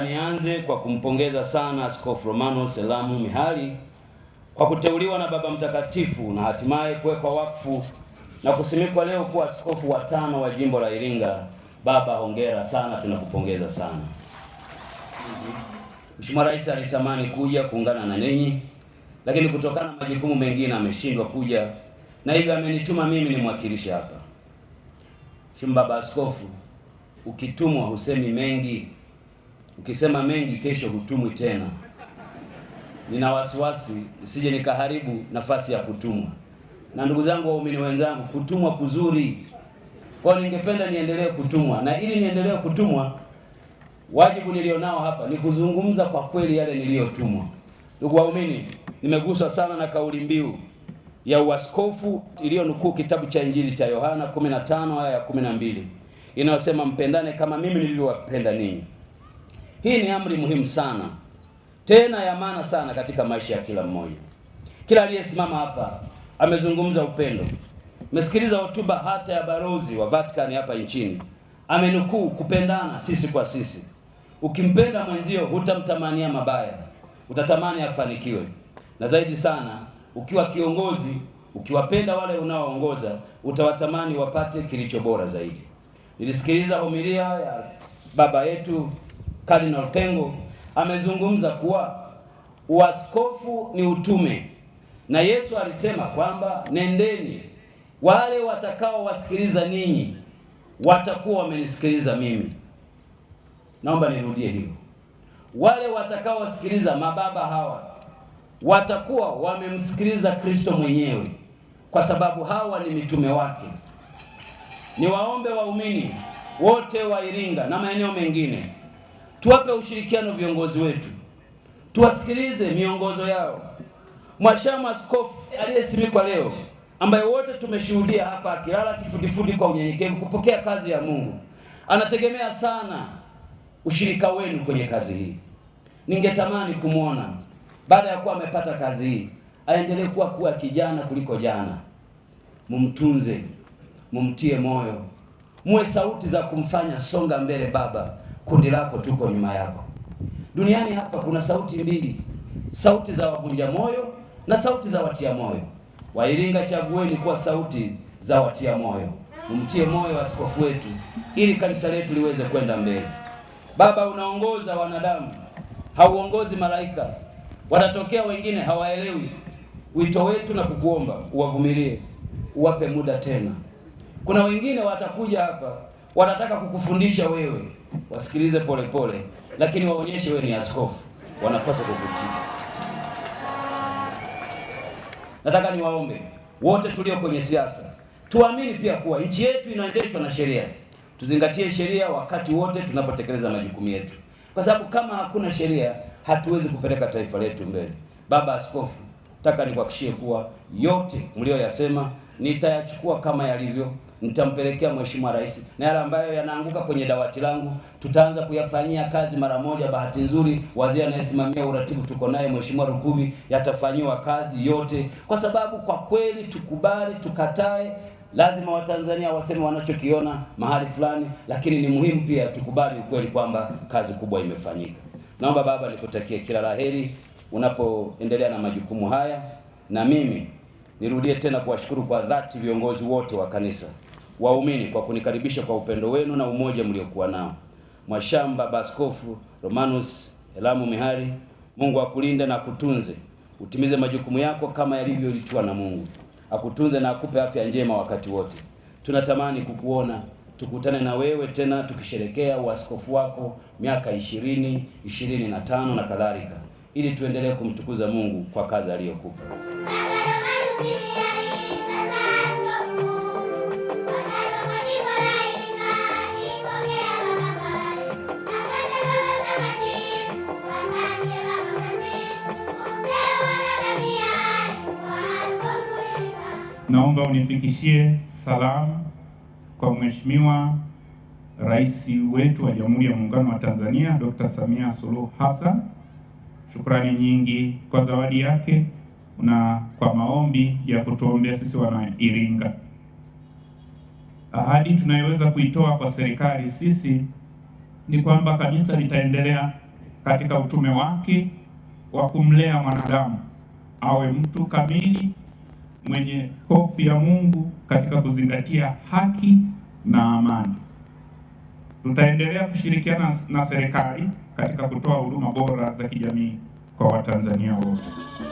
naomba nianze kwa kumpongeza sana Askofu Romano Selamu Mihali kwa kuteuliwa na Baba Mtakatifu na hatimaye kuwekwa wakfu na kusimikwa leo kuwa askofu wa tano wa jimbo la Iringa. Baba, hongera sana, tunakupongeza sana. Mheshimiwa Rais alitamani kuja kuungana na ninyi, lakini kutokana na majukumu mengine ameshindwa kuja, na hivyo amenituma mimi nimwakilishe hapa. Mheshimiwa Baba Askofu, ukitumwa husemi mengi, Ukisema mengi, kesho hutumwi tena. Nina wasiwasi nisije nikaharibu nafasi ya kutumwa. Na ndugu zangu, waumini wenzangu, kutumwa kuzuri kwa, ningependa niendelee kutumwa, na ili niendelee kutumwa, wajibu nilionao hapa ni kuzungumza kwa kweli yale niliyotumwa. Ndugu waumini, nimeguswa sana na kauli mbiu ya uaskofu iliyonukuu kitabu cha Injili cha Yohana 15 aya ya 12 inayosema mpendane kama mimi nilivyowapenda ninyi. Hii ni amri muhimu sana tena ya maana sana katika maisha ya kila mmoja. Kila aliyesimama hapa amezungumza upendo, mesikiliza hotuba hata ya balozi wa Vatican hapa nchini, amenukuu kupendana sisi kwa sisi. Ukimpenda mwenzio hutamtamania mabaya, utatamani afanikiwe, na zaidi sana ukiwa kiongozi, ukiwapenda wale unaoongoza utawatamani wapate kilicho bora zaidi. Nilisikiliza homilia ya baba yetu Cardinal Pengo amezungumza kuwa uaskofu ni utume, na Yesu alisema kwamba nendeni, wale watakaowasikiliza ninyi watakuwa wamenisikiliza mimi. Naomba nirudie hivyo, wale watakaowasikiliza mababa hawa watakuwa wamemsikiliza Kristo mwenyewe, kwa sababu hawa ni mitume wake. Niwaombe waumini wote wa Iringa na maeneo mengine Tuwape ushirikiano viongozi wetu, tuwasikilize miongozo yao. Mwashamu askofu aliyesimikwa leo, ambaye wote tumeshuhudia hapa akilala kifudifudi kwa unyenyekevu kupokea kazi ya Mungu, anategemea sana ushirika wenu kwenye kazi hii. Ningetamani kumwona baada ya kuwa amepata kazi hii aendelee kuwa kuwa kijana kuliko jana. Mumtunze, mumtie moyo, muwe sauti za kumfanya songa mbele baba kundi lako tuko nyuma yako. Duniani hapa kuna sauti mbili, sauti za wavunja moyo na sauti za watia moyo. Wairinga, chagueni kuwa sauti za watia moyo, umtie moyo askofu wetu ili kanisa letu liweze kwenda mbele. Baba, unaongoza wanadamu, hauongozi malaika. Wanatokea wengine hawaelewi wito wetu na kukuomba uwavumilie, uwape muda tena. Kuna wengine watakuja hapa wanataka kukufundisha wewe wasikilize polepole pole, lakini waonyeshe wewe ni askofu, wanapaswa kukutii. Nataka niwaombe wote tulio kwenye siasa tuamini pia kuwa nchi yetu inaendeshwa na sheria. Tuzingatie sheria wakati wote tunapotekeleza majukumu yetu, kwa sababu kama hakuna sheria hatuwezi kupeleka taifa letu mbele. Baba Askofu, nataka nikuhakishie kuwa yote mlioyasema nitayachukua kama yalivyo nitampelekea Mheshimiwa Rais, na yale ambayo yanaanguka kwenye dawati langu tutaanza kuyafanyia kazi mara moja. Bahati nzuri waziri anayesimamia uratibu tuko naye Mheshimiwa Rukuvi, yatafanyiwa kazi yote, kwa sababu kwa kweli, tukubali tukatae, lazima Watanzania waseme wanachokiona mahali fulani, lakini ni muhimu pia tukubali ukweli kwamba kazi kubwa imefanyika. Naomba baba, nikutakie kila laheri unapoendelea na majukumu haya, na mimi nirudie tena kuwashukuru kwa dhati viongozi wote wa kanisa waumini kwa kunikaribisha kwa upendo wenu na umoja mliokuwa nao. Mwashamba Baskofu Romanus Elamu Mihari, Mungu akulinde na akutunze, utimize majukumu yako kama yalivyoitiwa na Mungu, akutunze na akupe afya njema wakati wote. Tunatamani kukuona tukutane na wewe tena tukisherekea uaskofu wako miaka ishirini, ishirini na tano na kadhalika, ili tuendelee kumtukuza Mungu kwa kazi aliyokupa. Naomba unifikishie salamu kwa Mheshimiwa Rais wetu wa Jamhuri ya Muungano wa Tanzania Dr. Samia Suluhu Hassan. Shukrani nyingi kwa zawadi yake na kwa maombi ya kutuombea sisi wana Iringa. Ahadi tunayoweza kuitoa kwa serikali sisi ni kwamba kanisa litaendelea katika utume wake wa kumlea mwanadamu awe mtu kamili mwenye hofu ya Mungu katika kuzingatia haki na amani. Tutaendelea kushirikiana na serikali katika kutoa huduma bora za kijamii kwa Watanzania wote.